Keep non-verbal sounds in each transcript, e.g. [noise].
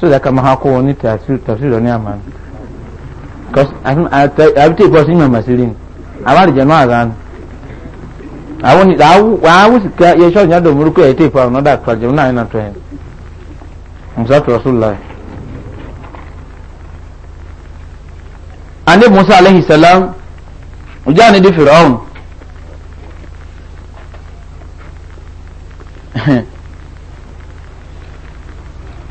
so da kama hako wani tafsir da niya man abi te kwasi ma masirin a da jama'a zan awon ni dawo wa wusi ka ya shawo nya da murku ya te fa no da kwa jama'a ina to hen musa to rasulullah ande musa alaihi salam ujani di fir'aun [laughs]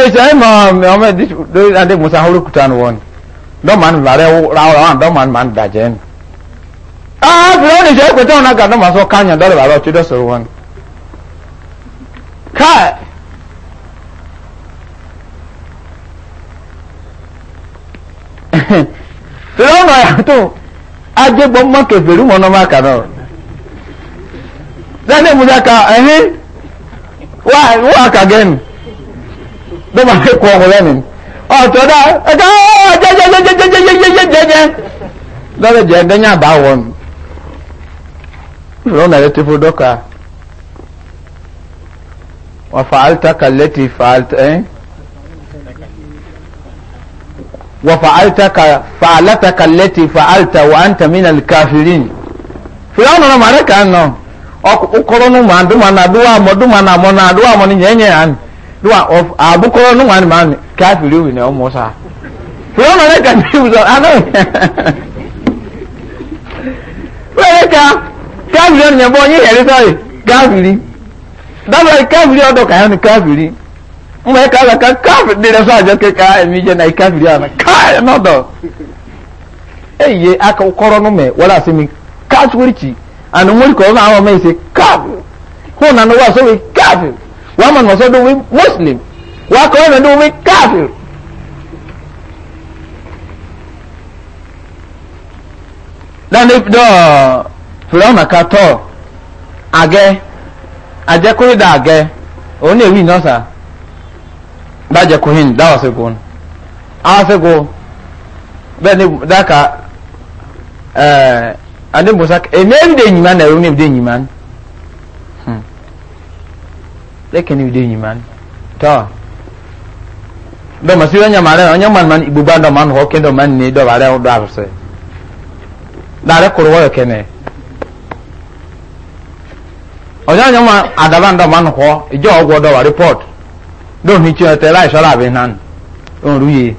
ẹ̀ṣẹ̀ ẹ̀mọ̀ ọmọ ẹ̀dí lórí adé musa horukuta ni wọ́n dọ́mà ní bàrẹ̀ ráwọ̀ àwọn dọ́mà ní màá dàjẹ́ ni. aa fìlà ní ìṣẹ́ ìpètè ọ̀nà gàdọ́ màá sọ káyàn dọ́lẹ̀ bàrẹ̀ ọtí dọ́sọ̀rọ̀ wọn. káì fìlà ọ̀nà yàtọ̀ ajégbọ́ mọ́kẹ́ fèrú mọ́nà má kà náà. dáadé musa ka ẹ̀hín wà wà kàgẹ́nu ló máa fi kọ ọmọ lẹ́nu ọ̀tọ̀ dá ẹ̀ka jẹjẹjẹjẹjẹjẹjẹjẹjẹjẹ lọ́dọ̀ jẹ́ ẹ̀dẹ́yìn àbá wọn lọ́nà ẹ̀rẹ́ ti fún dọ́kà wọ́n fa altaka lẹ́tì fa altaka ẹ́ wọ́n fa altaka fa alataka lẹ́tì fa alta wa anta mina kafirin fúláwọn ọ̀nà màrẹ́kà náà ọkọ̀ọ́rọ́ nù mà dùmà nà dùwà mọ̀ dùmà nà mọ̀ nà dùwà mọ̀ ní nyẹ́nyẹ́ àná. wa of abukoro ah, no wan man [laughs] kafiri oh, na ọmọ sa fúlọ́ mọ̀ lẹ́ka ní ìwùsọ̀ àná wọ́n lẹ́ka káfìrí ọ̀nà yẹn bọ́ yín yẹ̀rí sọ́ọ̀rì káfìrí dábàá káfìrí ọ̀dọ̀ kàyọ́ ni káfìrí ń bọ̀ ká lọ́ka káfìrí dèrè ndị àjọ kéka ẹ̀mí jẹ́ náà káfìrí àná káyọ̀ náà dọ̀ mi wọ́n mọ̀ nọ́sọ́ dùn wí muslim wọ́n kọ́ ọ̀nà dùn wí káfíìr. lọ́nà ìdọ́ fìlọ́nà ká tọ́ àgẹ́ àjẹkúrídà àgẹ́ òun èwì nọ́sà bàjẹ́kùhìn dáwọ́sẹ̀kùn àwọ́sẹ̀kùn bẹ́ẹ̀ ni dáka ẹ̀ẹ́d adébùsá na ẹ̀ ń lẹ́kẹ̀ẹ́ níbi ni man tọ́ dọ́mà sí wọ́n nyàmà rẹ̀ wọ́n nyàmà man ìgbogbo àdọ́ man họ́ kẹ́ndọ̀ man ní dọ́ba rẹ̀ ọ̀dọ́ àrùsẹ̀ dàrẹ́ kọ̀rọ̀ wọ́yọ̀ kẹ́nẹ̀ ọ̀nyà nyàmà àdàbà ndọ̀ man họ́ ìjọ ọ̀gbọ̀ dọ́ba report dọ́ọ̀ ní tiẹ̀ tẹ̀ láì sọ́ra àbí nan òru yìí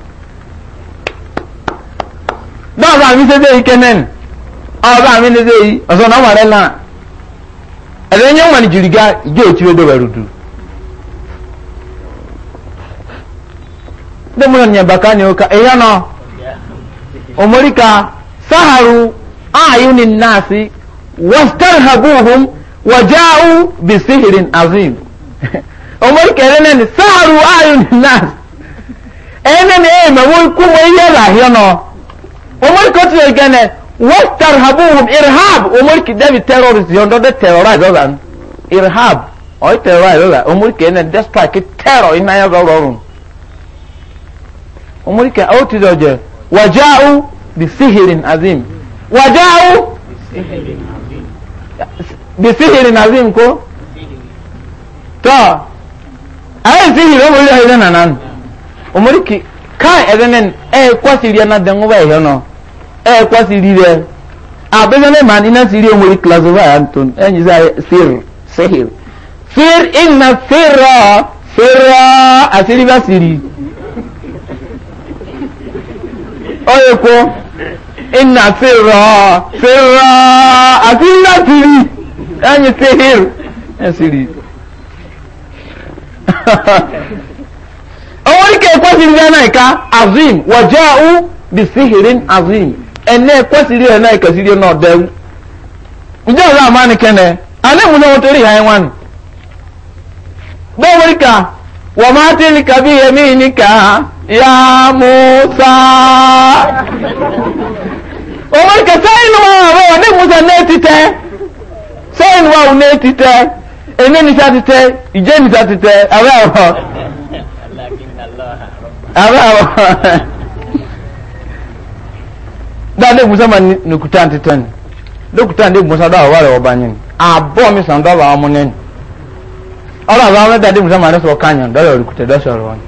dọ́ọ̀bà mi ṣe dé yìí kẹ́nẹ́ni ọ̀bà mi ṣe dé yìí ọ̀sán náà wà rẹ̀ náà ẹ̀rẹ́ nyàmà ni jìrìgá ìjọ òtí demu yon nyabaka ni oka eyano omorika saharu ayuni nasi wastarhabuhum waja'u bisihirin azim [laughs] omorika erenen saharu ayuni nasi enen eme wo kumo yela hiono omorika otiyo igene wastarhabuhum irhab omorika debi terrorist yondo de terrorize ozan irhab oy terrorize ozan omorika enen destrike terror inayo zororun umurika au tizoje wajau bisihirin azim wajau bisihirin azim ko to ayi sihiri omurika ayi na nan umuriki kan ezenen e kwasiri na dengu ba ihe no e kwasiri re abezenen man ina siri omuri class ba antun enyi za e, sir sihir sir inna sirra sirra asiri ba siri ọyẹ kọ iná fi rọ fi rọ àti iná ti rí ẹni ti hìr ẹ sì rí. owó ike ẹ̀kọ́ sí rí náà ká azim wọ̀jẹ́ ọ̀hún bí sihirin azim ẹ̀nẹ́ ẹ̀kọ́ sí rí ẹ̀ náà ẹ̀kọ́ sí rí ẹ̀ náà dẹ́rù. ǹjẹ́ ọ̀la àmọ́ ni kẹ́nẹ̀ alẹ́ mu wọ́n torí ìhà ẹ̀ wá bẹ́ẹ̀ wọ́n ká. وما تلك بيمينك يا موسى ومن كسين وابو ني موسى نتيته سين واو نتيته انني ساتته يجني ساتته ابا ابا da ne musa ma nukutan titan lokutan de musa da wa wa banyin abo mi ọrụ azụ ahụ dade musa ma adọsọ kanyon dọla orukute dọsọ ọrụ ọnụ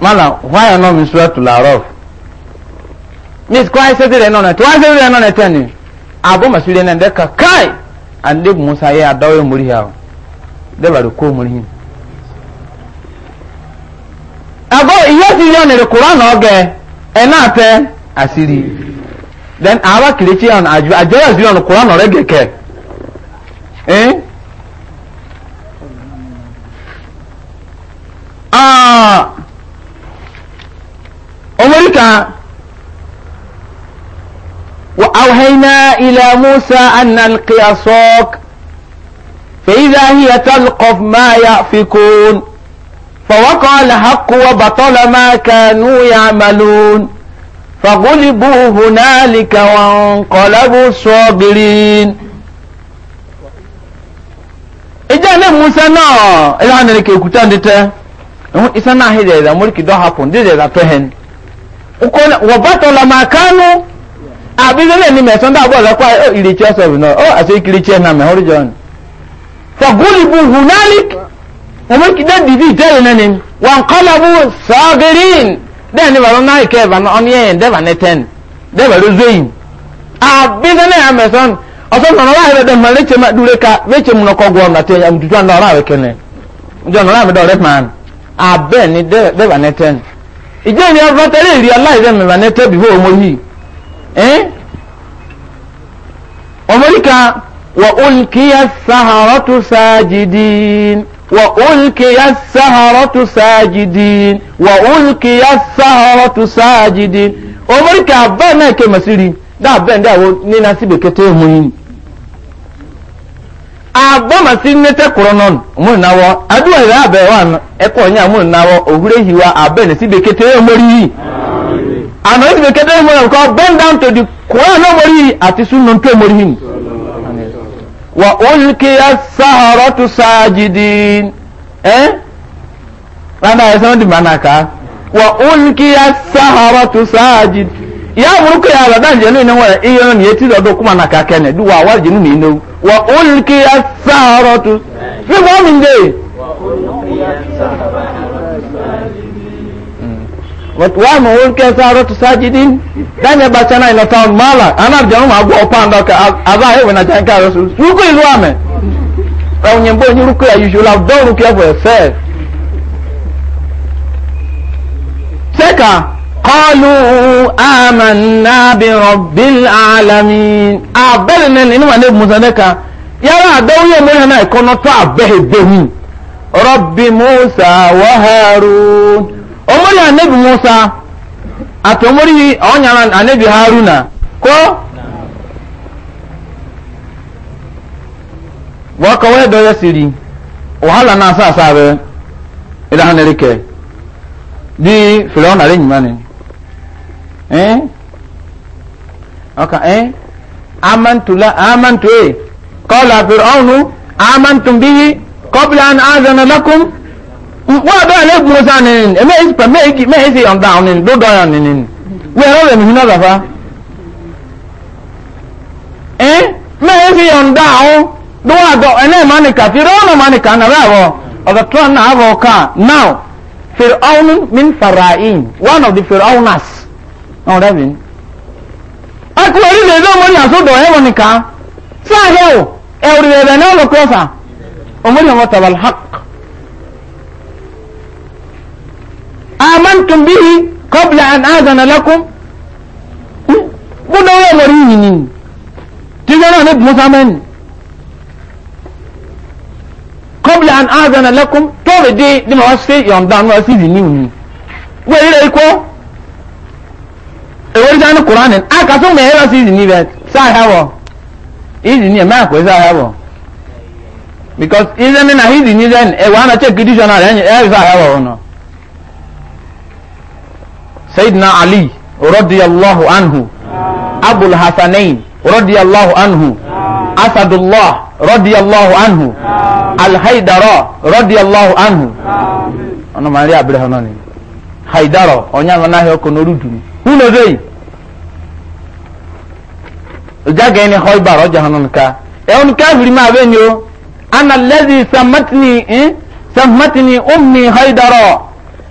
mana why ọnọ mi sura tula arọf miss kwan sẹbi rẹ nọnà tí wọn sẹbi rẹ nọnà tẹni abo masu rẹ nàn dẹka kai ande musa yẹ adọwọ muri ha o dẹba rẹ kó muri hin àgọ ìyẹsì yọ ní rẹ kúrọ náà ọgẹ ẹ náà tẹ àṣírí. then I awa kilichi on aju ajora ziri on kuran ọrẹ gẹkẹ eh ah omorika wa awhayna ila musa an alqiya sok فإذا هي تلقف ما يأفكون فوقع الحق وبطل ما كانوا يعملون فغلبوا هنالك وانقلبوا صابرين ìjẹ́ ní musa náà ìlànà ìrìnkè òkúta ń dìtẹ́ ẹ̀hún isa náà hìdẹ̀ ìdá mọ́ríkì dọ́ hapun dídẹ̀ ìdá tó hẹn wọ́n bá tọ́lọ máa kánú àbílẹ̀ ní mẹ̀sán dábọ̀ lọ́pọ̀ ìrìkì ọ̀sẹ̀ ìbìnà ó àti ìkìrìkì ẹ̀ náà mẹ́hórí john fọ̀gúlìbù hunalik mọ́ríkì dẹ́ then ni baro nai ke ba on ye de ba neten de ba ro zein a bi na na amazon o so na wa de ma le che ma dure ka we che mu no ko gwo na te am du tan ra we kene njo na me do re eh? man a be ni de de ba neten ije ni o ta le ri allah de me ba nete bi bo mo yi eh o mo ka wa ulkiya saharatu sajidin وألقي السهرة ساجدين وألقي السهرة ساجدين أمر كعبا ناكي مسيري دا بين دا نينا سيبي كتير مين àbọ̀ mà sí ní tẹ́kùrọ̀ náà mú ìnáwọ́ adúlọ̀ ìrẹ́ àbẹ̀ wà ẹ̀kọ́ ní àmú ìnáwọ́ òwúrẹ́ ìhìwà abẹ́ ní síbi kété mórí yìí bend down to wa ulkiya saharatu sajidin eh ana yasa ndi manaka wa ulkiya saharatu sajid ya muruko ya da danje ne wa iyo ne yeti do kuma na ka kene du wa warje ne ne wa ulkiya saharatu fi wa min de wa ulkiya saharatu wa mu wuri ke sa rotu sajidin dan ya bacha na inota mala ana bi janu ma gwo pa ndo ka aba he na jan ka rasul ruku ilu ame ra unye mbo ni ruku ya usual have done ruku for yourself seka qalu amanna bi alamin abelne ni ma ne musa ne ka yara adawuye mo na ikono to abehe behu rabbi musa wa harun omori anabi musa ati omori onyara anabi haruna ko waka wee doya siri wahala na asa asa abe ila ha nerike di firaun ari nyimani eh aka eh amantu la amantu eh qala fir'aunu amantum bihi qabla an azana lakum wọ́n bẹ́ẹ̀ lé gbọ́n sá ni mẹ́yìí pẹ̀ mẹ́yìí sí ọ̀dà ọ̀nì lọ́dọ̀ ọ̀nì ni wọ́n ẹ̀rọ rẹ̀ nìyí lọ́dọ̀ fa. ẹ mẹ́yìí sí ọ̀dà ọ̀hún lọ́wọ́ àgọ́ ẹ̀nẹ́ ìmánìkà fìrì ọ̀nà ìmánìkà nàrà àwọ̀ ọ̀dọ̀ tó ọ̀nà àwọ̀ ká now fìrì ọ̀hún mean farahin one of the fìrì ọ̀húnàs ọ̀rẹ́ mi. akú orílẹ̀ èdè ọmọdé àsọdọ̀ ẹ̀wọ̀n nìkan sáà amantum bihi qabla an azana lakum gbọ́dọ̀ wọ́n wọ̀rí yìnyín tíjọ́ náà ní musa mẹ́ni qabla an azana lakum tóbi dé ní ma wá sí yọ̀ǹda ní wá sí ni wọ́n yìí rẹ̀ kọ́ èwo ní sani kuranin a kà sóun mẹ́rin wá sí ìdí níbẹ̀ sáà hẹ́wọ̀ ìdí ní ẹ̀ máa pè because ìdí ní na ìdí ní then ẹ̀ wọ́n na check dictionary ẹ̀ ẹ̀ sáà sayidina ali rọ́díyàlláhu anhu abul hasanain rọ́díyàlláhu anhu asadullah rọ́díyàlláhu anhu alhaidara rọ́díyàlláhu anhu ọ̀nà màá rí abúlé hàn náà ni haidara ọ̀nyá àwọn náà ọkọ̀ n'orí dùn húlò dé yìí ìjágẹ̀ ẹni họ́ ibà rọ́jà hàn náà ká ẹ̀hún káfíìrì máa bẹ́ẹ̀ ni ó e ana lẹ́dí sàmátìní eh? sàmátìní ó mi haidara.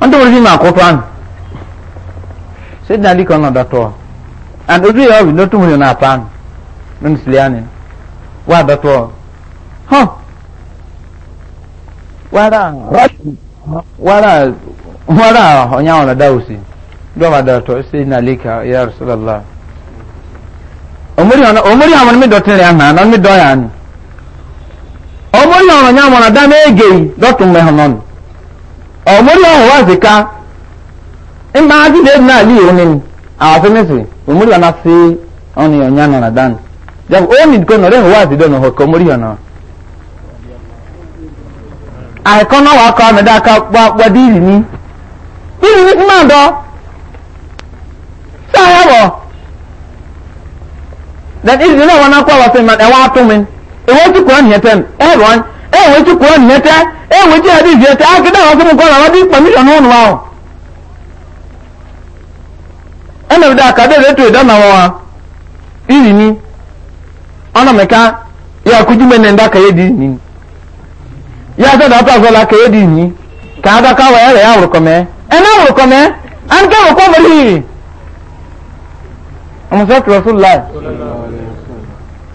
wọ́n tó wọ́n fi máa kọ́ fún àná sẹ́dínàlì kan náà dọ̀tọ̀ and ojú ìyá ọ̀bì lọ́tún wọn náà pa àná lónìí sílẹ̀ àná wà dọ̀tọ̀ hàn wàrà wàrà wàrà ọ̀nyá ọ̀nà dáwùsì dọ́wà dọ̀tọ̀ sẹ́dínàlì kan ìyá rẹ̀ omori àwọn mi dọ̀tún rẹ̀ hàn án mi dọ̀ yà ni omori àwọn ọ̀nyá ọ̀nà dá méje dọ̀tún mẹ́hàn náà. ọmọdé ọhún wá sí ká mba adi dèbò náà lè yẹ nínú àwọn mẹsì ọmọdé ọ̀nà sí ọ̀nà ìyọ̀nyá nàrà dánù jẹ́ ó ní ìdíkọ́ náà ọ̀rẹ́ wá sí dẹ́nu ọ̀hún ọmọdé yọ̀ náà. àìkọ́ náà wà á kọ́ ọ̀nàdá ká wá dé ní ní bọ̀ then ìrì náà náà kọ́ àwọn sẹ́yìn ẹ̀wọ́n atúnmi ẹ̀wọ́n ti nìyẹn ewe ti kúrò nìyẹtẹ nyete ti ẹbí ìfìyẹtẹ akéde àwọn sọmọkọ ọ̀rọ̀ àwọn bí pàmíṣọ ní òun wa o. ẹnna mi dá àkàdé ìrètò ìdáná wọn wa ìrì ni ọ̀nà mẹ́ka yà àkójú mẹ́nẹ̀ ńdá kàyé di ìní yà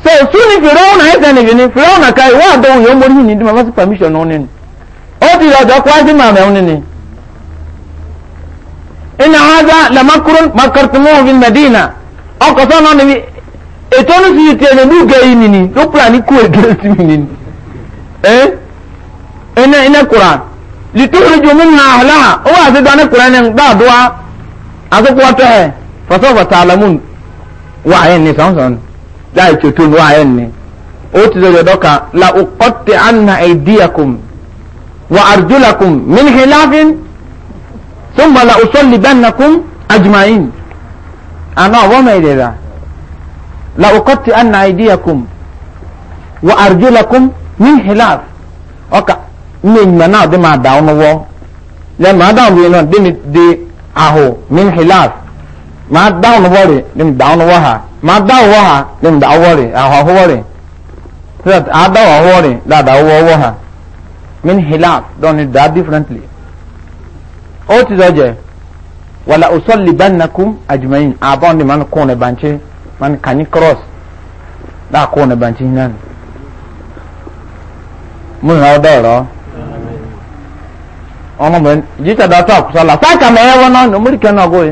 so su ni fìrọ́wọ́n náà ẹ̀sẹ̀ nìyí ni fìrọ́wọ́n náà ka ìwọ́ àdó òyìn mórí yìí ní ìdí màmá sí permission òun ni ó ti lọ ọ̀dọ́ kwájú màmá òun ni. ina haza lamakuru makartumu fi medina ọkọ̀ sọ́nà níbi ètò ní sùn ti ẹ̀yẹ̀ lúgẹ̀ yìí nìní ló pèrè ní kú ègé sí mi nìní. ẹ ẹnẹ ẹnẹ kura lìtúrú ju mi nà ọ̀la ó wà sí dání kura ẹni gbàdúrà àsopọ̀ tẹ̀ fọ́sọ̀ fọ́sọ̀ alamun wà ẹ̀ ní sọ̀nsọ̀n dai ce tun wayan ne o ti zai doka la uqatti anna aydiyakum wa arjulakum min khilafin thumma la usallibannakum ajma'in ana wa mai da la uqatti anna aydiyakum wa arjulakum min khilaf oka min mana de ma da ono wo le ma da wo no de de aho min khilaf ma da ono wo de da ono wo ha ma da ọwọ ha lẹ́nu da ọwọ rẹ̀ ahọ ọwọ rẹ̀ sọ́dọ̀tì àádọ́ ọwọ rẹ̀ dáadáa ọwọ ọwọ ha min hilaf dọ́ni da differently ó ti dọ́jẹ̀ wàlà òsọ́lì bánnakum àjùmọ̀yìn àbọ̀n ni man kún ní bànchẹ́ man kàní cross dáa kún ní bànchẹ́ yìí nánu mo nà ọdọ ọrọ ọmọ mi jíjà dọ́tọ̀ àkùsọ̀ la sáà kàmẹ́yẹ wọn náà ní omúrikẹ́ náà gbóyè.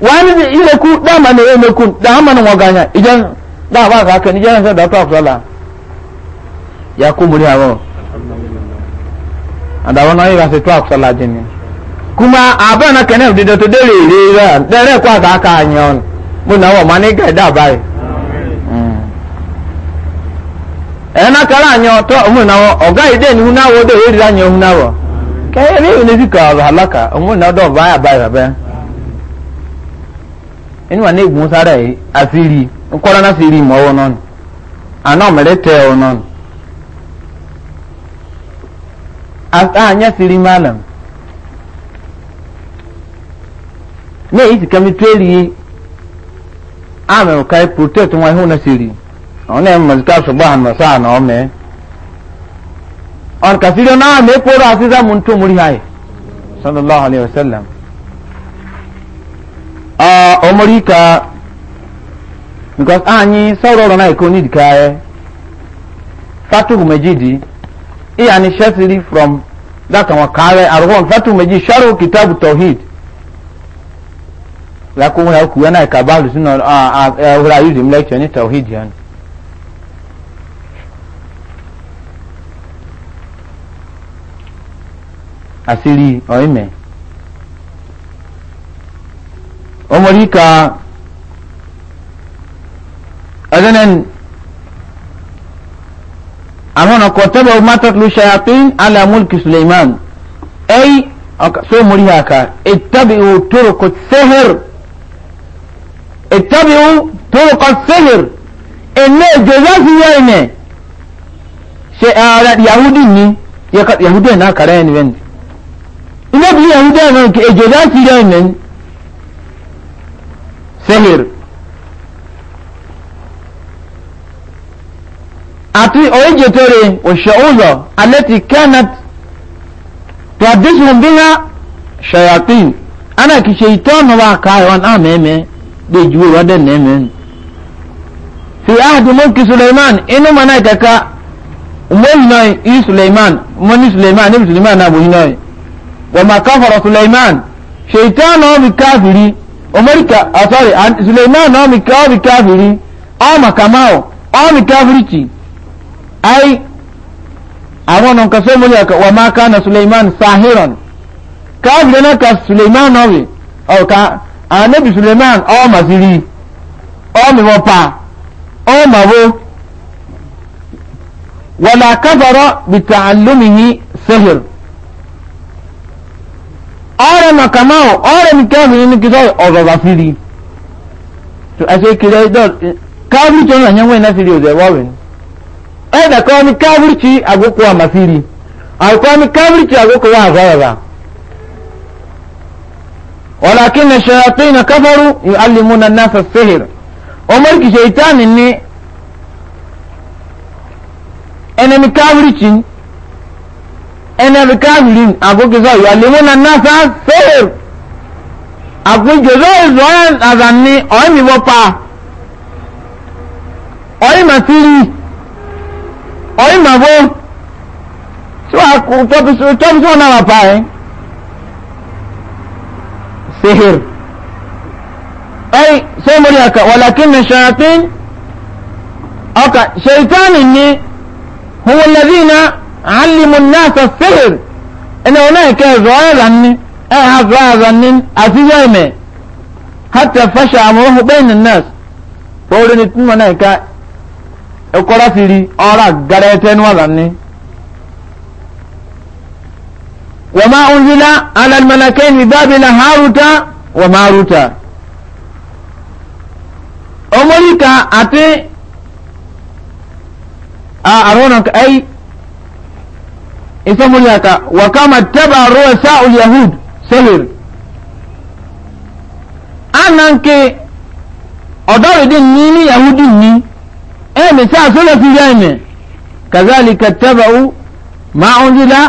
wani da ile ku da ma ne ne ku da idan da ba ka kan idan sai da ta sala ya ku muri hawo anda wana yi ga sai ta kuma na kan da to de re re da re kwa ka anya anyon mu na wa ma ga da bai ẹ̀nà kàrà ni húnáwó dẹ̀ èrí àyàn húnáwó kẹ́yẹ́ ní ẹni wà ní ègún sára yìí àṣírí nkọ́ra náà sì rí ìmọ̀ ọwọ́ náà àná ọ̀mẹ̀rẹ̀ tẹ ọ náà àányá sì rí málàm ní èyí sì kẹ́mi tẹ́lì yìí àmì ọ̀ka protect wọn ẹ̀hún náà sì rí àwọn náà mọ̀ síkà ṣùgbọ́n àmọ̀ sáà náà ọ̀mẹ́ ọ̀nkà sírí ọ̀nà àmì ẹ̀kọ́ rà sísá mu sallallahu alayhi wa omori because anyị saurọ na ikoni dika ya e. fatuhu mejidi iya ni shesiri from daka wa kare arwon fatuhu meji sharu kitabu tauhid la ko wona ku yana ka balu sino a a wura yuzi mlecture ni tauhid yan asiri oime omori ka adanan amana kotaba ma tatlu shayatin ala mulki sulaiman ay so muri haka ittabi'u turuq sihr ittabi'u turuq sihr inna jazazi yaine she ara ah, yahudi ni yahudi na kare ni wen ina bi yahudi na ke jazazi yaine sehir àti oríjìtòrè òṣèúzọ alẹ́tì kenneth tradition bíyà ṣayàpín anákìṣe ìtọ́nù wa ká ìwọ̀n àmẹ́mẹ́ lè ju ìwọ́dẹ̀ nẹ́mẹ́ fi áàdì mọ́kì suleiman inú mọ́nà ìkẹ́kẹ́ mọ́nà yí suleiman mọ́nà suleiman níbi suleiman náà bòyí náà wọ́n máa káfọ̀rọ̀ suleiman ṣe ìtọ́nù ọ̀bì káfìrí Amerika ah sorry and Suleiman na ah, mi ka mi kafiri ah, o makamao ah, o mi kafirichi ai àwọn non ka so mo ya wa ma kana Suleiman sahiran kafiri na ka Suleiman na we o ka anabi Suleiman o masiri o mi wo pa wo wala kafara bi ta'allumihi sihr ẹ nà kàmá ọ ọrẹ mi kẹfì ní kìtọ ọrọ bá fi rí tó ẹsẹ kìlẹ dọ káfírí tó nà nyẹwò iná fi rí ọdẹ wọwẹ ẹ dà kọ́ ni káfírí tí àgókò àmà fi rí àkọ́ ni káfírí tí àgókò wà àgbàràbà walakin ṣayatí na káfárú yóò alimu na nasa sihir ọmọ kìí ìtàn ní ẹnẹmi káfírí tí ẹnẹ́rì káàbìrin àkókèsọ ìyàlẹ́wọ́n náà náà fẹ́ẹ̀r àkójọsọ ìzọ́rẹ́ àzàní ọ̀ẹ́mìbọ̀ pa ọ̀ẹ́màtírí ọ̀ẹ́màbọ̀ tí wàá kó tọ́bísọ́ náà wà pa ẹ́ sehir ai sai muri haka walakin na shayatin aka shaitani ne alimu nasa sihir ina wani ke zuwa zanni ai ha zuwa zanni a fi zai mai hatta fasha amurhu bainin nas fori ni tun wani ka ikora siri ora garete nuwa zanni وما أنزل على الملكين ببابل هاروت وماروت أمريكا أتي أرونك أي isomuli aka wakama taba ruwasa ulyahud sehir ananke ọdọrìdì ní ní yahudi ní ẹ̀mí sáà sọ́lọ́ fi rẹ̀ ẹ̀mí kazalika tabau ma unzila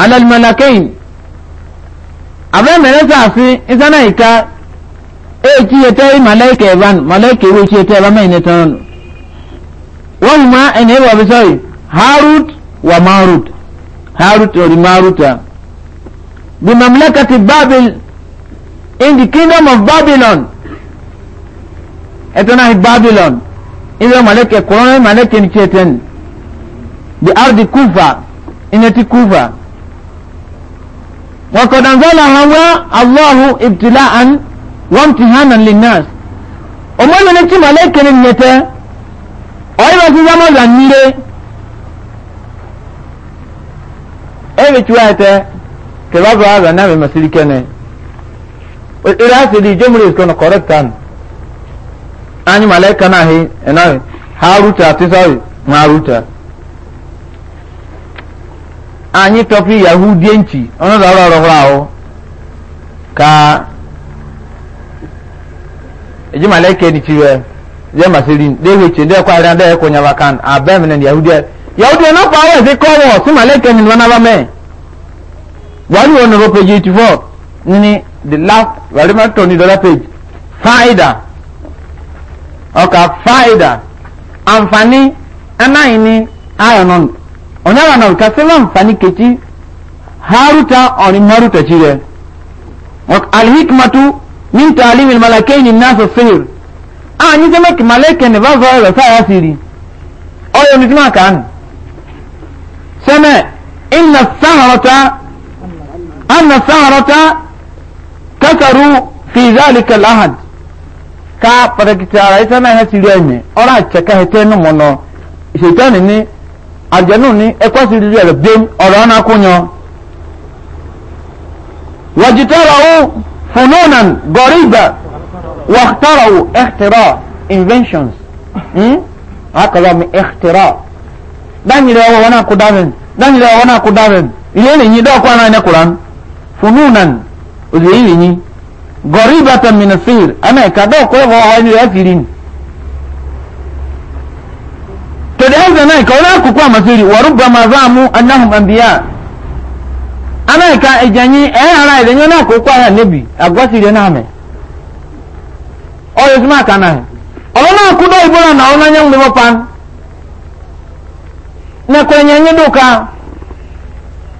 ala almalakain abẹ́ mẹ́rẹ́ sáàfin ìsáná ìka èkì yẹtẹ́ malaika ẹ̀bán malaika ìwé kí yẹtẹ́ ẹ̀bán mẹ́rin tán wọ́n mú ẹni ẹ̀wọ̀ bí sọ́yì harut wa marut Harut or Maruta. The Mamlakati Babel in the kingdom of Babylon. Etona Babylon. In the Maleke Corona Maleke in Chetan. The Ardi Kufa. In Eti Kufa. وقد أنزلها الله ابتلاء وامتحانا للناس وما من ملائكة نيته أيضا في زمان ebi chua te ke babu aga na me masiri kene ira se di jomri is kono correct an ani malaika na he ena ha ruta ti sawi ma ruta anyị tọpi yahudi nchi ọnọdụ ọrụ ọrụ ọhụrụ ahụ ka eji malaika ni chiwe je masiri dewe che de kwa ran de ko nyavakan abem ne yahudi e, yahudi wọn náà fọwọ́ ẹ̀sìn kọ́ wọ̀ sí màlẹ́kẹ́ ni wọn náà mẹ́ wàhálì wọn nọ̀rọ̀ page eighty four ní the last radimator ní dollar page fáìdà ọkà fáìdà àǹfààní anáyìn ah, ní ironon ọ̀nàrà náà kà sí láǹfààní kẹtí haruta ọ̀rin maruta ti rẹ̀ alhikmatu ní tààlí mi màlẹ́kẹ́ ni náà sọ sẹ́yìn àwọn yìí sẹ́mẹ́kì màlẹ́kẹ́ ni bá zọ ẹ̀rọ sáyà sí rí ọ̀yọ́ ní tí máa kà سماء إن السهرة أن السهرة كثروا في ذلك الأحد ka pàtàkìtì ara ẹ sẹ́nà ẹ̀ sírí ẹ̀mí ọ̀rọ̀ àtẹ̀kẹ́ ẹ̀ tẹ́nu mọ̀nà ìṣètọ́ni ní àjẹnù ní ẹ̀kọ́ sí rírí ẹ̀rọ bẹ́ẹ̀ ọ̀rọ̀ ọ̀nà kúnyọ. wàjítọ́rọ̀wò fúnúnan gọ̀rìgbà wàtọ́rọ̀wò ẹ̀kítẹ́rọ̀ inventions akọ̀rọ̀ mi ẹ̀kítẹ́rọ̀. danyere ọwọ wana akụ daven danyere ọwọ wọn akụ daven ihe rinyi dọkụ ana ne kuran fununan ozuye ni, gọri bata minafir ana ka dọkụ ẹwọ ọwọ ni ya firin tọdẹ ẹzẹ náà ka ọlọ akụkụ amasiri wọrụ bama zaamu anahum ambiya ana ka ẹjanyi ẹ hara ẹdẹnyẹ náà akụkụ ahịa nebi agwasiri náà mẹ ọ yẹ suma kana ọlọ náà akụ dọ ibọ na ọlọ anyanwụ lọ pan. na kwenye nyiduka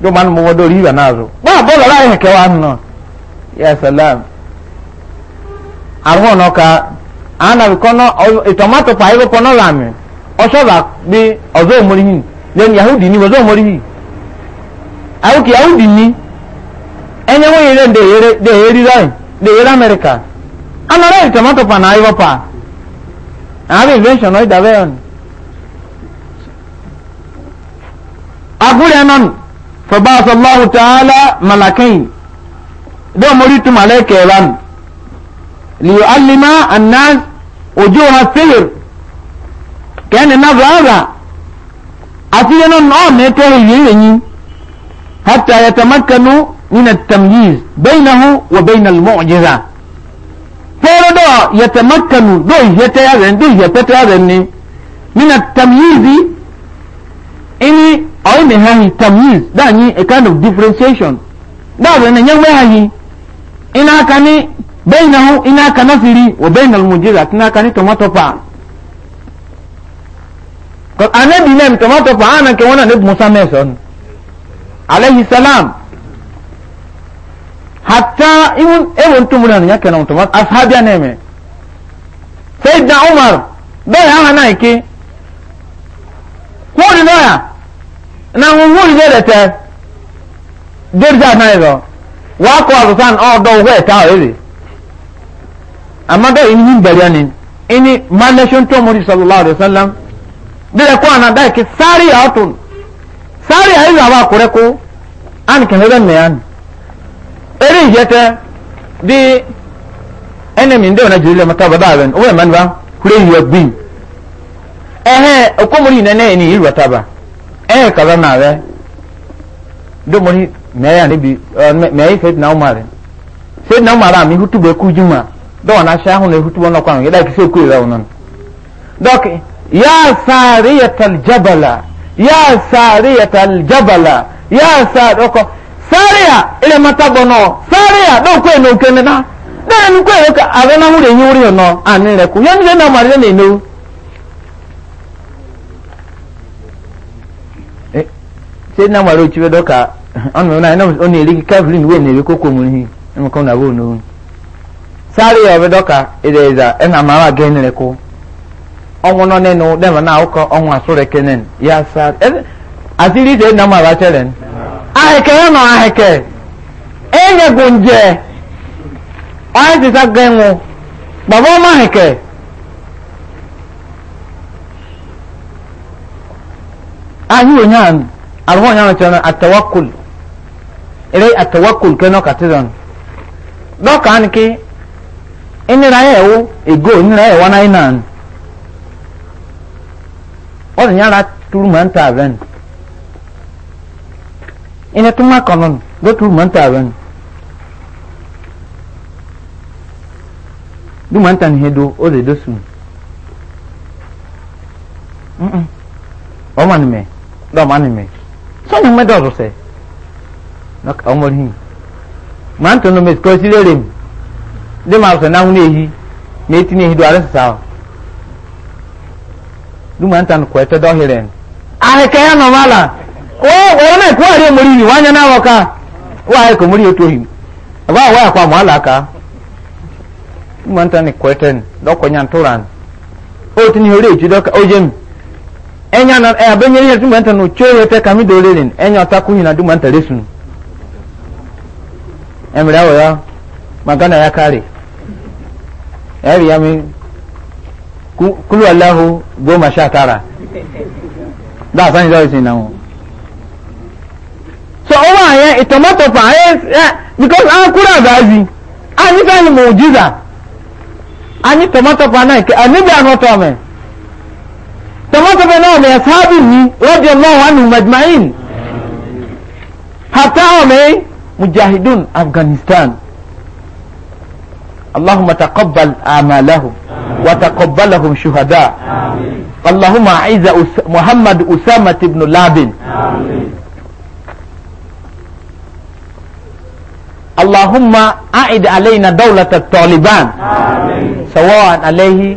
ndio maana mugodori hiyo anazo ba bora la yake wano ya salam arhono ka ana bikono tomato pa hiyo kono lami osoba bi ozo muri hin yahudi ni ozo muri au ki yahudi ni wo de de de america ana pa na pa invention oi da agúrẹ́ náà fọba sọláhùn tààlà malakain dọ́ọ̀ mo rí tu malẹ́kẹ̀ ẹ̀rọ nù liyo alima anas ojú ha sihir kẹ́ni náà rárá àti yẹn náà náà ní tó yẹ yẹnyin hata yatamakanu min tamyiz bainahu wa bain al-mu'jiza fẹ́rẹ́ yatamakanu dọ́ọ̀ yẹ tẹ́yà rẹ̀ dọ́ọ̀ yẹ ni min at ini ọyị na ha hi tamiz that ni a kind of differentiation that bụ na nye nwe ha hi ị na-aka ni bẹ́ẹ̀ na hụ ị na-aka na firi wọ bẹ́ẹ̀ na mujira ị na-aka ni tomato pa anabi nem tomato pa ana ke wọn na nebu musa mẹsọ ni alayhi salam hatta iwon ewon tumura ni yake na tomato ashabia neme sayyidina umar bẹ́ẹ̀ ha na ike kúrò nínú ọ̀yà na huhu ile dete dirja na izo wa ko azusan o do we ta o ri amada inni beryanin ini malashun to muri sallallahu alaihi wasallam dire ko ana da ki sari atun sari ayi wa ko re ko an ke hebe ne an eri jete di enemy ndo na jule mata bada ben o man ba kure yi wa bi ehe ko muri ne ne ni yi wa ta ba ɛyɛ kaza na rɛ domoni mɛya ne bi mɛyi fɛ na umar fɛ na umar a mi hutu bɛ ku juma dɔw wana hyɛ ahun na hutu bɛ nɔkɔ ahun yɛda kisɛ ku yɛrɛ wɔn ya saari ya jabala ya saari ya jabala ya saari ɔkɔ saari ya ilẹ̀ mata bɔ nɔ saari ya dɔw ko yɛ n'o kɛ ne na dɔw yɛ n'o kɛ yɛ sai na mara uchibe doka ọnụ na ina ọ na-eri gị kavlin wee na-eri koko mụrụ ihe emekọ na wee n'ohu sari ya ọbụ doka ịda ịda ịna mara aga enere kwụ ọnwụ nọ n'enu dema na ụkọ ọnwụ asụrụ ekenen ya sari asịrị ise na mara chere ahike ya nọ ahike enye gụ nje ọyị sisa ga enwu baba ọma ahike ahụ onye ahụ arhon yana tana atawakkul ire atawakkul ke no katizan do kan ki inira yewo ego inira yewo na inan o ni ara turu man ta ben ina tuma kanon do turu man ta ben du man tan hedo o de dosu mm mm o man me do man me sani mɛdɔ sɔsɛ nɔkɛ ɔmɔri hin maa ntɔ nom esikɔ esi lere mu de maa sɔ n'ahun ehi na eti na ehi do are sisa o du maa ntɔ kɔ ɛtɛ dɔhirɛ ahekɛ ya nɔ ma la o wɔn na ekɔ ari omori yi w'anya na awɔ ka o ahekɛ omori eto yi ɛfɔ awɔ akɔ amɔ ala ka du maa ntɔ kɔ ɛtɛ dɔkɔ nyantoran o ti ni hore etu dɔka o jɛ enya na e abenye ihe tuma nta no choye te kami dolelin enya ataku hina duma nta lesunu emre awo ya magana ya kare ebi ya mi kulu allahu goma sha tara da san jo sin nawo so o wa ya itomato pa eh because an kura gazi ani kan mujiza ani tomato pa na ke ani bi anoto me تواصل بينهم اصحابه رضي الله عنهم أجمعين حتى هم إيه؟ مجاهدون أفغانستان اللهم تقبل اعمالهم وتقبلهم شهداء اللهم أعز محمد أسامة بن لادن اللهم أعد علينا دولة الطالبان سواء عليه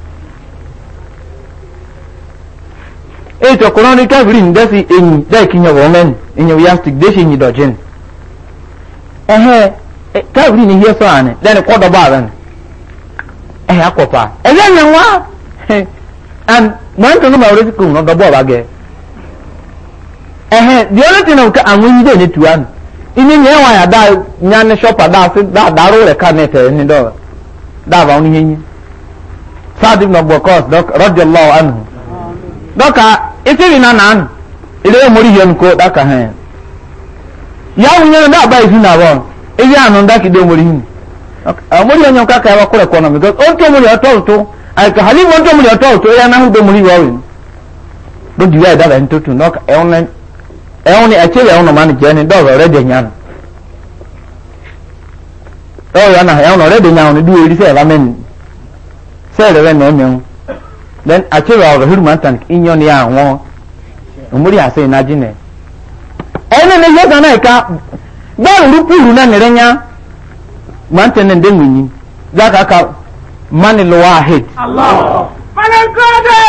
ètò kùránì káfírí ní dẹ́sí ẹ̀yìn dẹ́ẹ̀kì yẹn wọ́n mẹ́rin ẹ̀yìn wíyá stik dé ṣe dọ̀jìn ẹ̀hẹ́ káfírí ní hiẹ́ sọ̀rọ̀ àná lẹ́nu kọ́ dọ̀bọ̀ àrẹ ni ẹ̀hẹ́ akọ̀pá ẹ̀yẹ́ yẹn wá and wọ́n náà gẹ̀ ẹ̀hẹ́ di ká àwọn dé ní tuwa nù ìní yẹn wà yà ṣọ́pà dáa sí dáa itiri na nan ile mori yon ko da ka hen ya wunye da ba ifi na ba ile anu da ki de mori hin a mori yon ka ka ba kure ko na because on to mori to to ai ka hali won to mori to to e ya na hu de mori wa wi do di ya e da ba nto to nok e on e on a e chele on man je ni do re de nyan do ya na e on re de nyan ni du ri se ba men se re ne then akyere ọrọ hiri mantan inyo ni àwọn omori ase na jine ẹni ni yẹsa náà ẹka bẹẹ rúpùrù náà nìrẹ nya mantan náà ndéwìn yìí zaka aka mani lọ ahid. mani nkúrẹ́dẹ́.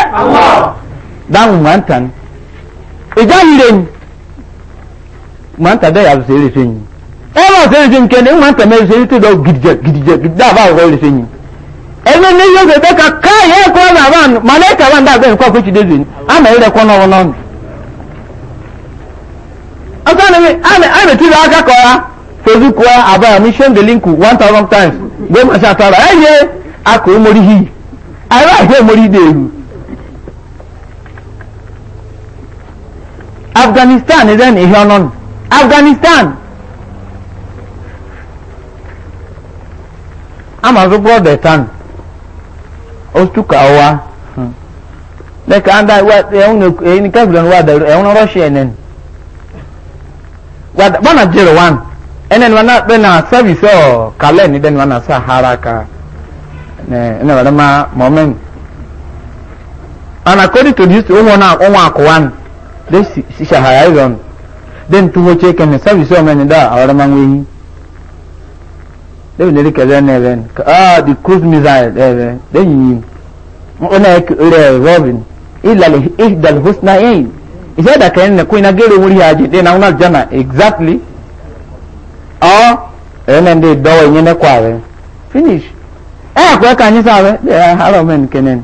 dáhùn mantan ìjà yìí ni mantan bẹ́ẹ̀ yàtọ̀ sí eré sẹ́yìn ẹ bá ọ̀sẹ̀ eré sẹ́yìn kẹ́ni mantan bẹ́ẹ̀ sẹ́yìn tó dọ̀ gidigidi gidigidi dáàbà ọ̀rọ̀ eré sẹ́yìn. ebe ne eze bebe ka ka ye ko na ban malaika ban da ben ko ku ci dezi ama ire ko no no aka ne ana ana aka ko ya fezu ko aba ya shen de linku 1000 times gbe ma sha tara eye aka o mori hi ara he mori de afghanistan is an ihe ọnụnụ afghanistan ama zo brother tan ostukawa lẹ́ka anda ẹ̀hún kẹ́fìlẹ̀ wà dẹ̀rù ẹ̀hún rọ́ṣìẹ̀ nẹ́n bọ́nà jẹ́rọ wọn ẹnẹ́ni wọn bẹ́ẹ̀ na sẹ́fìsì ọ̀ kálẹ̀ ní bẹ́ẹ̀ ni wọn na sá hara ka ẹnẹ́ wọn ma mọ́mẹ́n and according to this ọmọ náà ọmọ àkọwá ni lè ṣiṣẹ́ àhàyà ìrọ̀n then tó wọ́n ṣe kẹ́ni sẹ́fìsì ọ̀ mẹ́ni dá àwọn ọmọ wọn yìí lẹ́yìn lórí kẹlẹ́ ní ẹ̀rẹ́ ní ah the cruise missile ẹ̀rẹ́ lẹ́yìn yìí wọn náà rẹ̀ robin ìlàlẹ̀ ìdàlẹ̀ hosna ẹ̀yìn ìṣe ìdàkẹ́ ní ẹ̀kọ́ iná gẹ́rẹ́ wọ́n rí ajé dé náà wọn náà jẹ́nà exactly ọ́ ẹ̀rẹ́ náà dé dọ́wọ́ ìyẹn nẹ́kọ́ ààrẹ finish ẹ̀ àkọ́ ẹ̀ka ní sáré ẹ̀ àárọ̀ mẹ́rin kẹ́nẹ́ni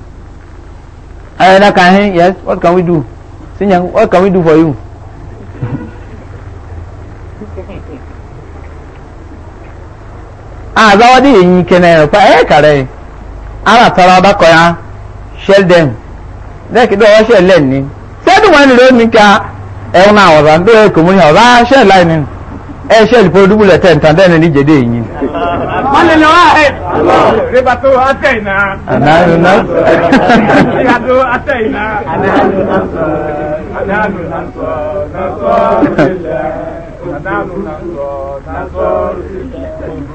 ẹ̀rẹ́ náà kàn án yes what can we do senior what can we do for you. azawa de yin kene pa e kare ara tara ba ko ya shell them de ki do wa shell len ni se du wan lo mi ka e una wa ba do ko mu ya ba shell line ni e shell po dubu le ten tan den ni jede yin wale lo wa e re ba to ate na ana na ya do ate na ana na ana na na so na so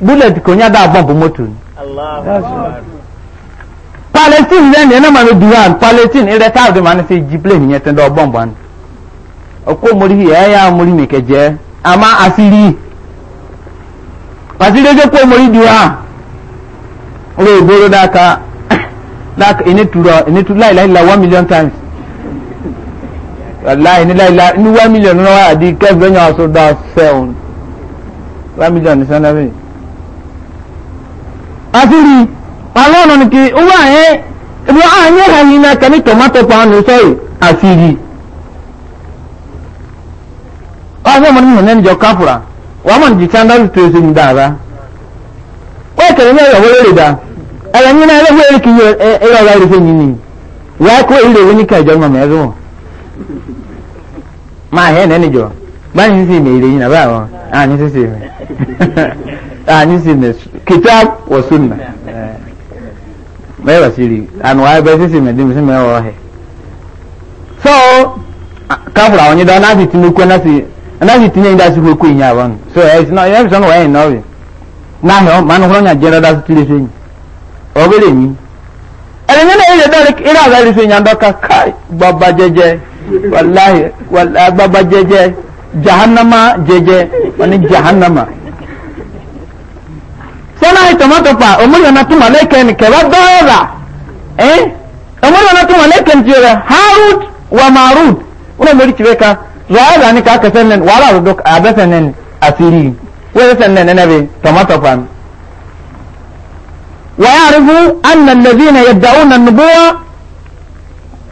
bullet kò nyá dáa bọ́m̀bù mọ́tò ni. palestine lẹ́nu ẹ̀ náà máa ń du hàn palestine ẹ̀rẹ́ tá a dùn máa ń sẹ́ jí plane yẹn tẹ́ ń dọ́ bọ́m̀bù àná. ọkọ mori yìí ẹ̀ yà mori mi kẹ̀jẹ́ àmọ́ àṣírí àṣírí ẹ̀jẹ̀ kó mori du hàn. ọ̀rọ̀ ìgboro dáka dáka ẹni turu ẹni turu one million times wàláì ní láìláì ní one million náírà di kẹ́ẹ̀fì lẹ́yìn àwọn sọ́dọ̀ seven one million ní sanadé asiri àwọn ọ̀nà nìkì owó àyẹ́ ibi àyẹ́ ẹ̀yìn náà kẹ́ni tomato pan sọ́yì asiri ọ̀sẹ̀ mọ̀ ní ìhìn ẹni jọ káfùrà wọ́n mọ̀ ní jìtá ńdá tó ṣe ń dára wọ́n kẹ́ni ní ẹ̀yọ̀ wọlé rèdà ẹ̀yọ̀ ní ẹ̀yọ̀ wọlé kì í ẹ̀yọ̀ ọ̀rọ̀ ẹ̀rọ̀ ṣe yìí wọ́n kó ilé ìwé ní kẹjọ mọ̀ mẹ́rin wọn máa hẹ́ ẹ̀nẹ́ni jọ báyìí ní sì mèrè yìí nàbẹ́ àwọn àní sì sì mèrè àní sì mèrè kitab wa sunna mẹ́wàá sí rí àná wàá bẹ́ sísè mẹ́dínmí sí mẹ́wàá ọ̀hẹ́ so káfùrà àwọn yẹn dá náà sì ti ní kú náà sì náà sì ti ní ìdá sí kú kú ìyá wọn so ẹ̀ ẹ̀ ẹ̀ ẹ̀ sọ́nù wẹ́yìn náà rè náà hẹ́ ọ́ máa nù kúrọ́nyà jẹ́ dáadáa sí tilé sẹ́yìn ọ̀gẹ́rẹ́ mi ẹni nínú ilẹ̀ dọ́rẹ̀ ilé àgbà ilé sẹ́yìn àdọ́ka káì gbọ́ba jẹjẹ wàláhì gbọ́ba sanayi tomato pa omuli ona tuma leken keba doera eh omuli ona tuma leken jira harut wa marut una mori chibeka zoera ni ka kesenen wala rodok abesenen asiri wesenen enebe tomato pa ويعرفوا أن الذين يدعون النبوة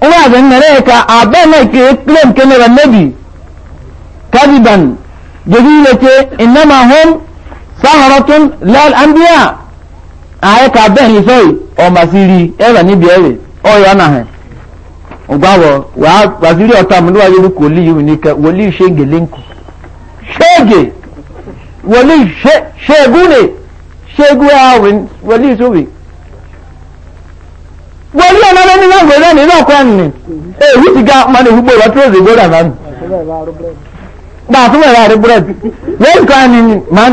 وهذا النريك أبنك يكلم كلمة النبي كذبا جديدة إنما هم tọ́họ̀rọ̀tún lẹ́lẹ́mbíà àyẹ́ka bẹ́ẹ̀ni fẹ́ẹ̀ ọmọ sírí ẹ̀rọ níbi ẹ̀rẹ̀ ọ̀yọ́ náà hẹ̀ ọgbàwọ̀ wàásírí ọ̀tá mi níwájú ní kò líyìí ní kẹ wòlíì ṣége lẹ́ńkù ṣége wòlíì ṣégúnè ṣégún àwìn wòlíì sóbì wòlíì ọ̀nà lẹ́ni náà wòlíì ẹ̀ni náà kọ́ ẹ̀nì èyí ti ga ọmọdé gbogbo ìwà tó rẹ̀ gbọ́dọ̀ náà nù. gbà àtúmọ̀ ìwà rẹ̀ búrẹ́dì lẹ́yìn kan ni màá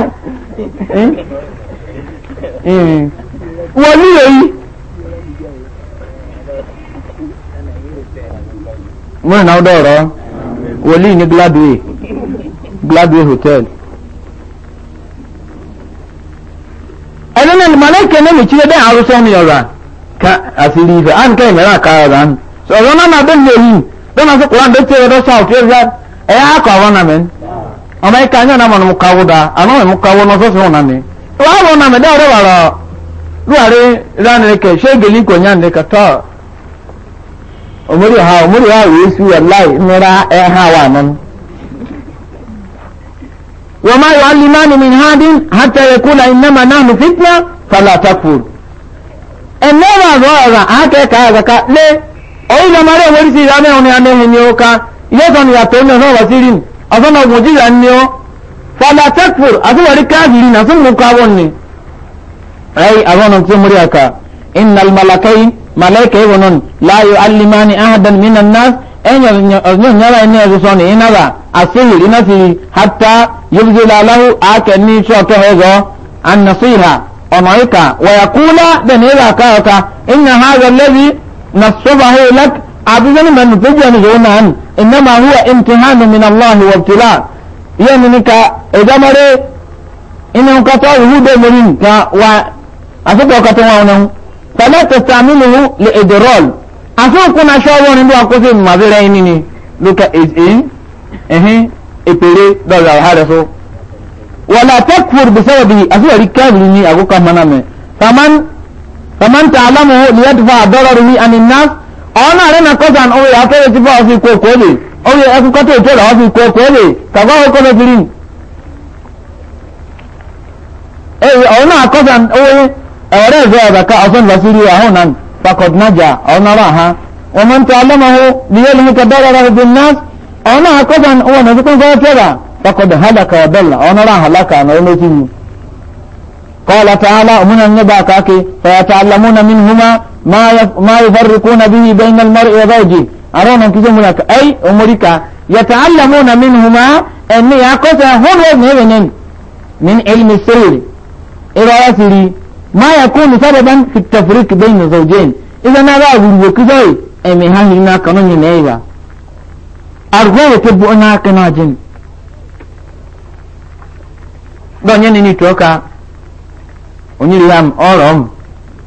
wani yayi muna na ọdọ ọrọ wòlí ní gladway gladway hotel ẹni náà mọ̀lẹ́ kẹ́ni mi bẹ́ẹ̀ arúsọ ọ̀rà ká ìfẹ́ ìmẹ́rà ká ọ̀rà ń sọ̀rọ̀ náà máa bẹ́ẹ̀ bẹ́ẹ̀ náà ẹ̀yà akọ̀ àwọn ama ika anya na manu mukawo da ama mu mukawo no so so na ni wa ro na me da re wara duare ran re ke she geli ko nya ne ka ta omuri ha omuri ha we su wallahi mira e ha wa nan wa ma yu'allimani min hadin hatta yakuna innama nahnu fitna fala takfur enera ro ra ake ka ga e ka le oyi na mare wori si ra me oni ane ni ka ile ton ya to no wa sirin ọ̀sán náà mùjíza ni ọ́ fọlá tẹ́kfùr àtúwárí káàkiri náà sún mú káwọn ni. rai àwọn ọ̀nà tí mo rí àkà innal malakai malaikai wọnọn láàyò alimani ahadan minan nas ẹ̀yìn nyara ẹni ẹ̀sùn sọ ní iná rà àṣírí iná sì hàtà yóbùsí làláhù àkẹ́ ní ṣọ́ọ̀tọ̀ ẹ̀zọ́ ànàṣíhà ọ̀nà ìkà wọ̀yàkúlá bẹ̀ ní ìlà àkà ọ̀ka ìnà hàzà lẹ́bi nà sọ́bàáhù lẹ́kì abizani man nupeji ani yona an innama huwa imtihanu min Allah wa ibtila yani nika edamare ina nkata wuhude murin ka wa asoko kata wa onan fala tastamiluhu li idrol aso kuna shawo ni do akose mabere ni ni luka eh eh epere do la hare so wala takfur bi sababi aso ri kabiri ni agoka maname faman faman ta'lamu liyadfa dararu ni anin nas ọ̀nà rẹ̀ na kọ́sàn òwe akẹ́rẹ́ ti fọ́ ọ̀fi kó kóòlè òwe ẹkùkọ́ tó tó rà ọ̀fi kó kóòlè kàgbọ́ ọkọ́ ló fi rí. èyí ọ̀nà kọ́sàn òwe ẹ̀wọ̀rẹ́ ìfẹ́ ọ̀dàkà ọ̀sán lọ sí rí ahọ́n náà pàkọ́t nájà ọ̀nà rà ha wọ́n máa ń tọ́ alọ́mọ̀hó níyẹn lómi kẹ́ dára rẹ̀ bí nọ́ọ̀s ọ̀nà kọ́sàn òwe nà fi kọ́ńtà tẹ́ra pàkọ́t hàdàkà ọ̀dọ́là ọ̀nà rà hàlàkà ọ̀nà ó lọ́sí mi. kọ́ọ̀lá tààlà òmùnà ń yẹ bá a kàkí fẹ̀yàtà àlàmúnà mí ma ma yufarriquna bihi baina almar'i wa zawji arona kijumla ay umurika yata'allamuna minhuma an yakosa hono min ilmi sirri ila yasiri ma yakunu sababan fi tafriq baina zawjayn idha na ba emi hahina kanon ne eba argo ke bu na ni ni toka onyiri orom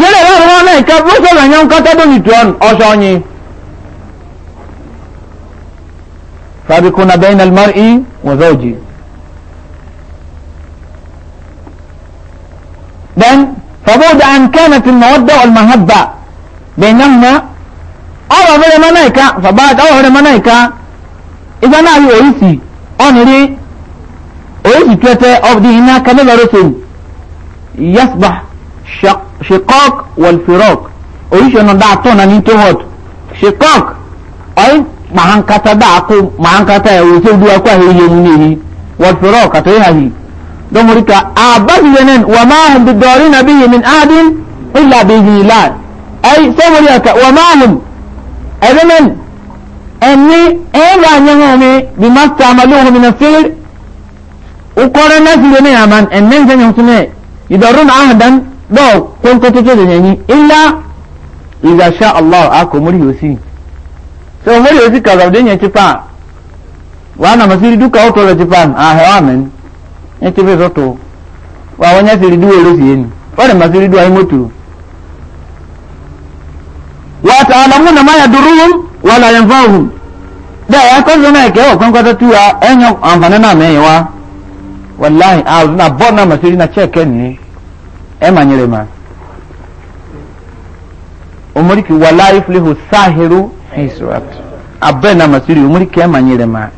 yẹ́lẹ̀ bá wọn náà ká bó sọ̀rọ̀ yẹn ń kọ́tẹ́ lórí ìtùọ́nù ọ̀ṣọ́ yín. سابقون بين المرء وزوجه then فبعد أن كانت المودة والمحبة بينهما أرى غير منايكا فبعد أرى غير منايكا إذا نعي أويسي أنري أويسي تويتي أو دي هناك للرسل يصبح شق shikok walfirok oríṣi ọ̀nà dáa tó náà ní tó hot shikok ọ̀yìn mahankata dáa kó mahankata ẹ̀ e, wò sóbi ẹ̀kọ́ ẹ̀ yẹ mu nìyí walfirok àti e ẹ̀yà yìí dọ́mọ̀ríkà àbájú yẹn náà wà máa bi dọ̀rí nàbí yìí min ádín ìlà bí yìí là ẹ̀yìn sọ́mọ̀rí ẹ̀ka wà máa hùm ẹ̀rẹ́ mẹ́n ẹ̀mí ẹ̀rọ àyẹ̀wò mi bí má sàmàlú òhun mi nà fíl ukọrẹ náà sì lé ní àmà ẹ̀mí ń sẹ́yìn fún dɔw kɔnkɔtɔ tɛ zɛnyɛ nyi illa iza sha allah a ko mori yosi so mori yosi ka zaɓe nyɛ ci paa wa na masiri duka o tɔlɔ ci paa a hɛwa mɛn nyɛ ci fɛ sɔtɔ wa wa nyɛ siri du wolo siye ni o de masiri du ayi moto wa ta alamu na ma ya duruhum wala yan fahum da ya kɔ zɔn kɛ o kɔnkɔtɔ tu wa ɛn nyɛ amfani na mɛ ye wa walahi a na bɔ na masiri na cɛ kɛ ẹ mà nyere ma omoriki wala ifilihu sahiru hisurat abẹ na masiri omoriki ẹ mà nyere ma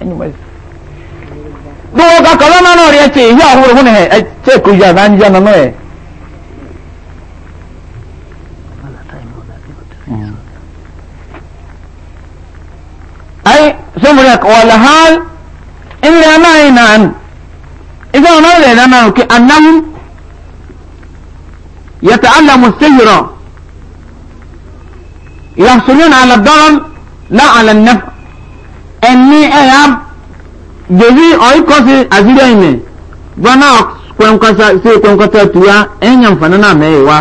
dọwọ ka kọlọ náà náà rí ẹ tẹ ìhí àhúrò hún ẹ ẹ kó yà náà níjà náà ẹ. Hmm. ai sọmọdé wàlhán ilé anáyìn náà ìjọba náà lè dáná kí anáhùn. يتألم السيرة يحصلون على الضرر لا على النفع ẹni ẹ̀yà jèjì ọ̀íkọ́sí àzílẹ̀ ìmẹ̀ bọ́nà sí kwẹ́nkọ́tà tuwa ẹ̀yàn fàná náà mẹ́yẹ̀ wá.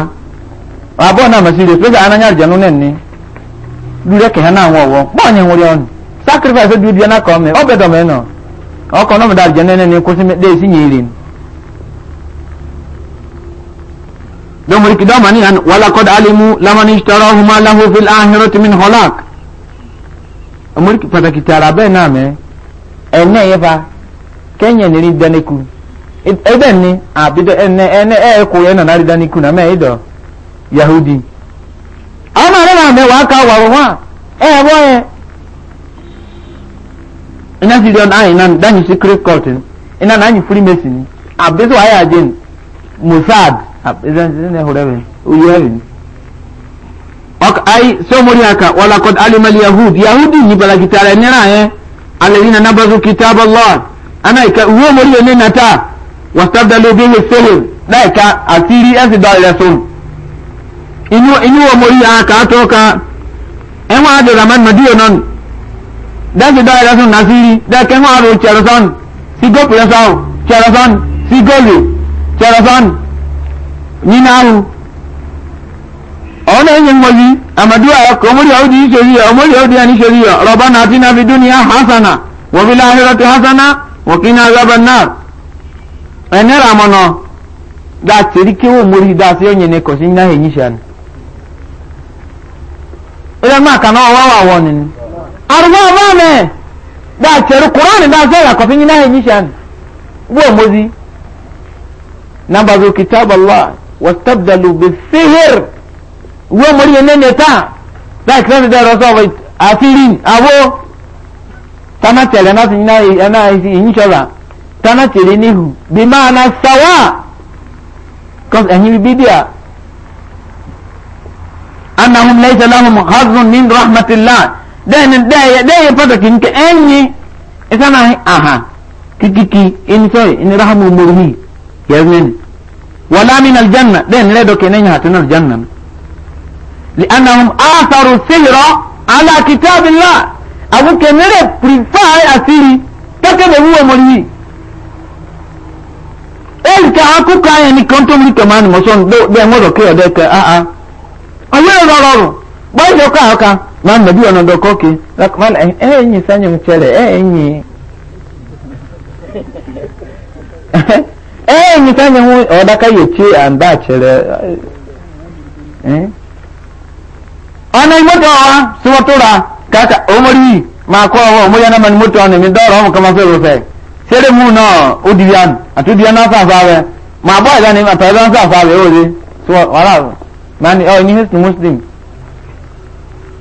àbọ̀ náà mà sí rè fúlẹ́sì anányà jẹ̀nu náà ní dúró kẹ̀hẹ́ náà wọ̀ wọ́ pọ́ọ̀ ní ìwúrí ọ̀nù sacrifice dúró díẹ̀ náà kọ́ mi ọ̀bẹ̀dọ̀ mẹ́nà ọkọ̀ náà mọ̀dà jẹ̀nu náà ní kó sí dé sí yìí rìn. don mulki domani an walakod alimu lamani ishtarahu ma lahu fil ahirati min holak mulki pataki tara bẹ́ẹ̀ náà mẹ́ ẹ̀nà yẹ fa kẹ́nyẹ̀ ní rí dáníkù ẹ̀dẹ̀ ni àbídọ́ ẹ̀nà ẹ̀nà ẹ̀ kò yẹ nàná rí dáníkù náà mẹ́ ẹ̀dọ̀ yahudi. àwọn àrẹ náà mẹ́ wàá ká wàá wá ẹ̀ wọ́ ẹ̀ iná ti di ọ̀nà àyìnà dáhùn sí kírísítọ̀tì iná náà yìí fúrí musad ìdánsìn ní ẹ̀hùrẹ́ rẹ̀ oyè ẹ̀rìn. ọkọ ayi sọmọlì aka wàlàkọ alimali yahud yahudi yìí balakita rẹ nira yẹn eh? alẹ́yìn nana bàtú kitaaba lọ́ọ̀d ana ìka ìwé omori yẹn ní nata wàsádàlẹ́ bí wọ́n fẹ́lẹ̀ láìka àtìrí ẹ̀sìn dọ̀ rẹ̀ sọ̀n. inú inú omori yẹn aka tó ka ẹ̀wọ̀n adé ramani madiyo nọ́n dẹ́sìn dọ̀ rẹ̀ sọ̀n nàfírí dẹ́kẹ́ ẹ̀wọ̀n adó kyerẹ́sọ̀n sí gópù yẹn sọ̀n kyerẹ́sọ̀n sí nyina ahụ ọ na-enye ngọzi amaduwa ya ka omori ahụ dị ya omori ahụ ya n'isori ya rọba na atina bi asana hasana wọbila hasana wọkina azaba nar ẹnẹrẹ amọnà dàtẹrí kéwò mórí dàtẹ ọnyẹ ní kọsí ní ahẹyìn sàn ilẹ̀ máa ọba واستبدلوا بالسهر ومر ينتا لا لن ده رسول أسيرين أبو تمثل أنا سينا أنا إني شذا تمثل إنه بمعنى سواء كوز هني بيديا أنهم ليس لهم حظ من رحمة الله ده ده ده يفتك إنك أني إذا أنا أها كي كي كي إن سوي إن رحمه مرهي يا ابنين ولا من الجنة دين لا دوكي نين هاتنا الجنة لأنهم آثروا السهر على كتاب الله أبو كنرى بريفاي أسيري كتب هو مريه إلك أكو كاية نكنتم لكمان مصون دو دي مدو كيو ديك آآ آه. أيها الغرور بوي شوكا هكا ما نبي أنا دوكوكي لك مال إيه إني سانيو مكتالي إيه إني ee nyika nyanwu ọdaka yeti anda chere eh ana imoto wa sumatura kaka omori ma ko wa omori ana man moto ne mi doro mo kama fero fe sere mu no odiyan atu diyan na sa fa we ma bo ga ni ma pa ba sa fa we ore mani o oh, ni his muslim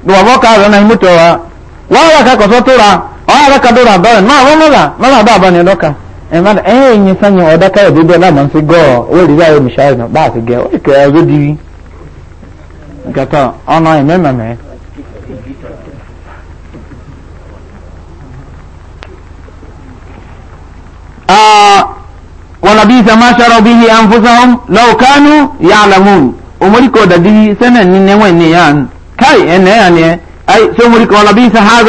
do wa ka ro na imoto wa wa ka ko so tura wa ka ka dora ba ma wo mo la ma la ba ba ni doka ẹ̀mọ́n ẹ̀yìn sanyin ọ̀dá káyọ̀ bíbí ọlọ́mọ sí gọ́ọ̀ owó rí báyọ̀ mìṣáyì náà bá àti gẹ̀ ó sì kẹ́ ọdún di gàtọ̀ ọ̀nà ìmẹ́mẹ̀mẹ́. wọn àbí sàmá sọ̀rọ̀ bí i ànfọ́sọ́hún lọ́wọ́ kánú yà á lámú omorikọ̀ dàdí sẹ́nẹ̀ ní nẹ́wọ̀n ní yà án káì ẹ̀nẹ́ yà ni ẹ̀ ẹ̀ sọ́morikọ̀ wọn àbí sàhá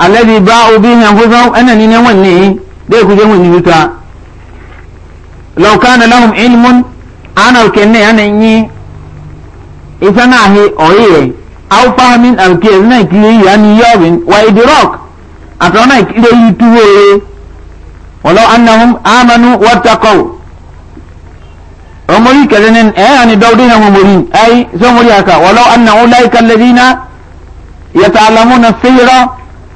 alẹ́bí bá obi hàn fún fún ẹnà ní níwọ̀n ní bẹ́ẹ̀ kú jẹ́wọ̀n nínú ta lọ́kàn lọ́hùn ilmun àná òkè ní ẹnà yín ìfẹ́ náà hi ọ̀rí rẹ̀ awúfà mi àrùkè ẹ̀rí náà kiri yìí á ní yọ̀rin wà èdè rock àtàwọn náà kiri yìí túwó rẹ̀ wọ́lọ́ anahum amanu wọ́takọ̀ ọmọrí kẹrin ní ẹ̀ ẹ̀ ní dọ́wọ́dé náà mọ̀mọ́rí ẹ̀ sọ́mọ́rí àkà wọ́lọ́ anahum láìka lẹ́dínà yẹtà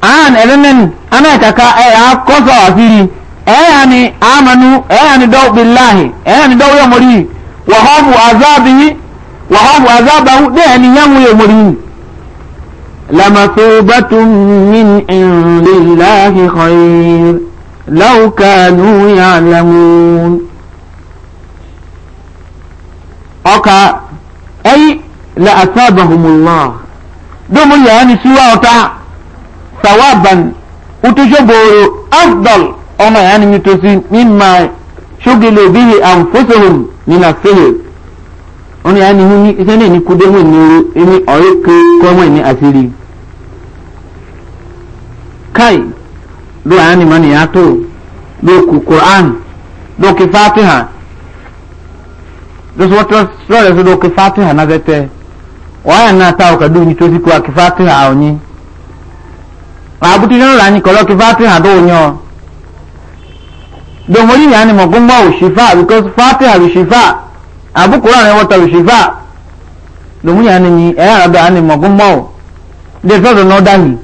an elenen ana kaka e eh, a kosa asiri e eh, yani amanu e eh, yani daw billahi e yani daw ya mori wa hafu azabihi wa hafu azabahu de yani yangu ya mori lamathubatun min indillahi khair law kanu ya'lamun oka ay la asabahumullah domo yani siwa ota sawaban utujoboro afdal ọmọ ya ni mitosi mimma ṣogele bihi anfusuhum nina sihir ọmọ ya'ni ni huni iṣẹ́ náà ni kúdémù ní ẹni ọ̀rẹ́ ké kọ́mọ̀ ní kai ló ya'ni ni mani ya tó ku quran ló ki fatiha ló sọ wọ́n sọ̀rọ̀ sí ló ki fatiha náà tẹ́tẹ́ wọ́n na yà náà ta ọ̀kadú ní tó sì fatiha àwọn abuti nan rani kolo ki fatiha do nyo do mori yani mo gumba u shifa because fatiha bi shifa abu qur'an e wa ta shifa do mori yani ni e arabe ani mo gumba u de fe no dani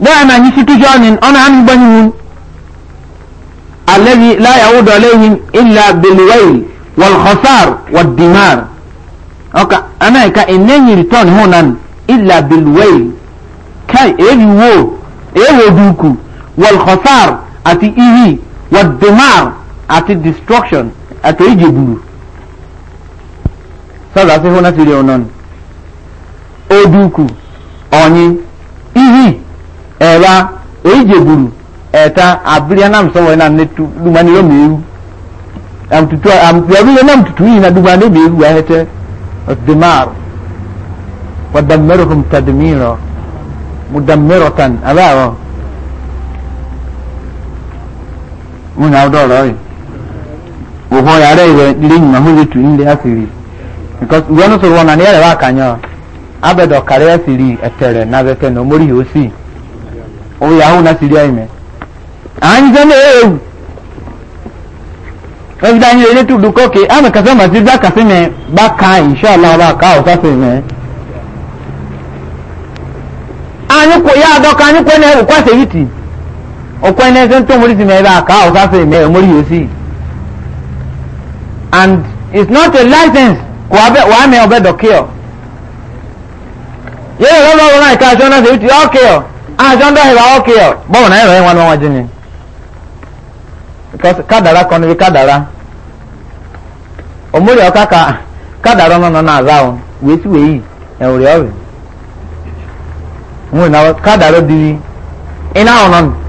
da na ni situation in ona ani bani mun alladhi la yaudu alayhim illa bil wayl wal khasar wad dimar oka ana e ka enenyi return honan illa bil wayl kai ebi wo èèwọ̀ dúkù wọlkọsar àti ihi wọdùmár àti destruction àti ìjẹ̀bùrù sọ́dọ̀ àti hóná ti rí ọ̀nà ni ó dúkù ọ̀yin ihi ẹ̀ra ìjẹ̀bùrù ẹ̀ta abirianam sọ́wọ́ iná ní dumani ló mẹ́rù àmtutu àmtutu tutu yìí na dumani ló mẹ́rù ahẹ́tẹ́ ọ̀dùmár wọ́dàmẹ́rù hùm tàdùmíràn. مدمرة أبا من هذا رأي وهو يرى لين ما هو يتوين لأسيري because when you run an area back and you abedo kare asiri etere na bete no mori osi o oh, ya hu na siri aime anje ne ewu eh. evidanye ile tu dukoke ama ah, kasema zidaka seme baka inshallah baka o sase me anyị kwe ya adọ ka anyị kwe na ekwasị iti okwe na eze ntụ omorisi ma ebe a ka ahụ sasị ma omori ya osi and it's not a license wa mee ọbẹ dọkịọ yẹ yẹ lọ́wọ́ ọ̀rọ̀ náà ìka aṣọ na ṣe iti ọkịọ aṣọ ndọ ìwà ọkịọ bọ́wọ̀ náà ẹ̀rọ ẹ̀ wọn nwa jù ni because kádàrá kan níbi kádàrá omori ọ̀ka ka kádàrá nọ náà náà àzá wọn wèé sí wèé yìí ẹ̀wùrẹ́ ọ̀rẹ́. mu na kadaro diri ina onon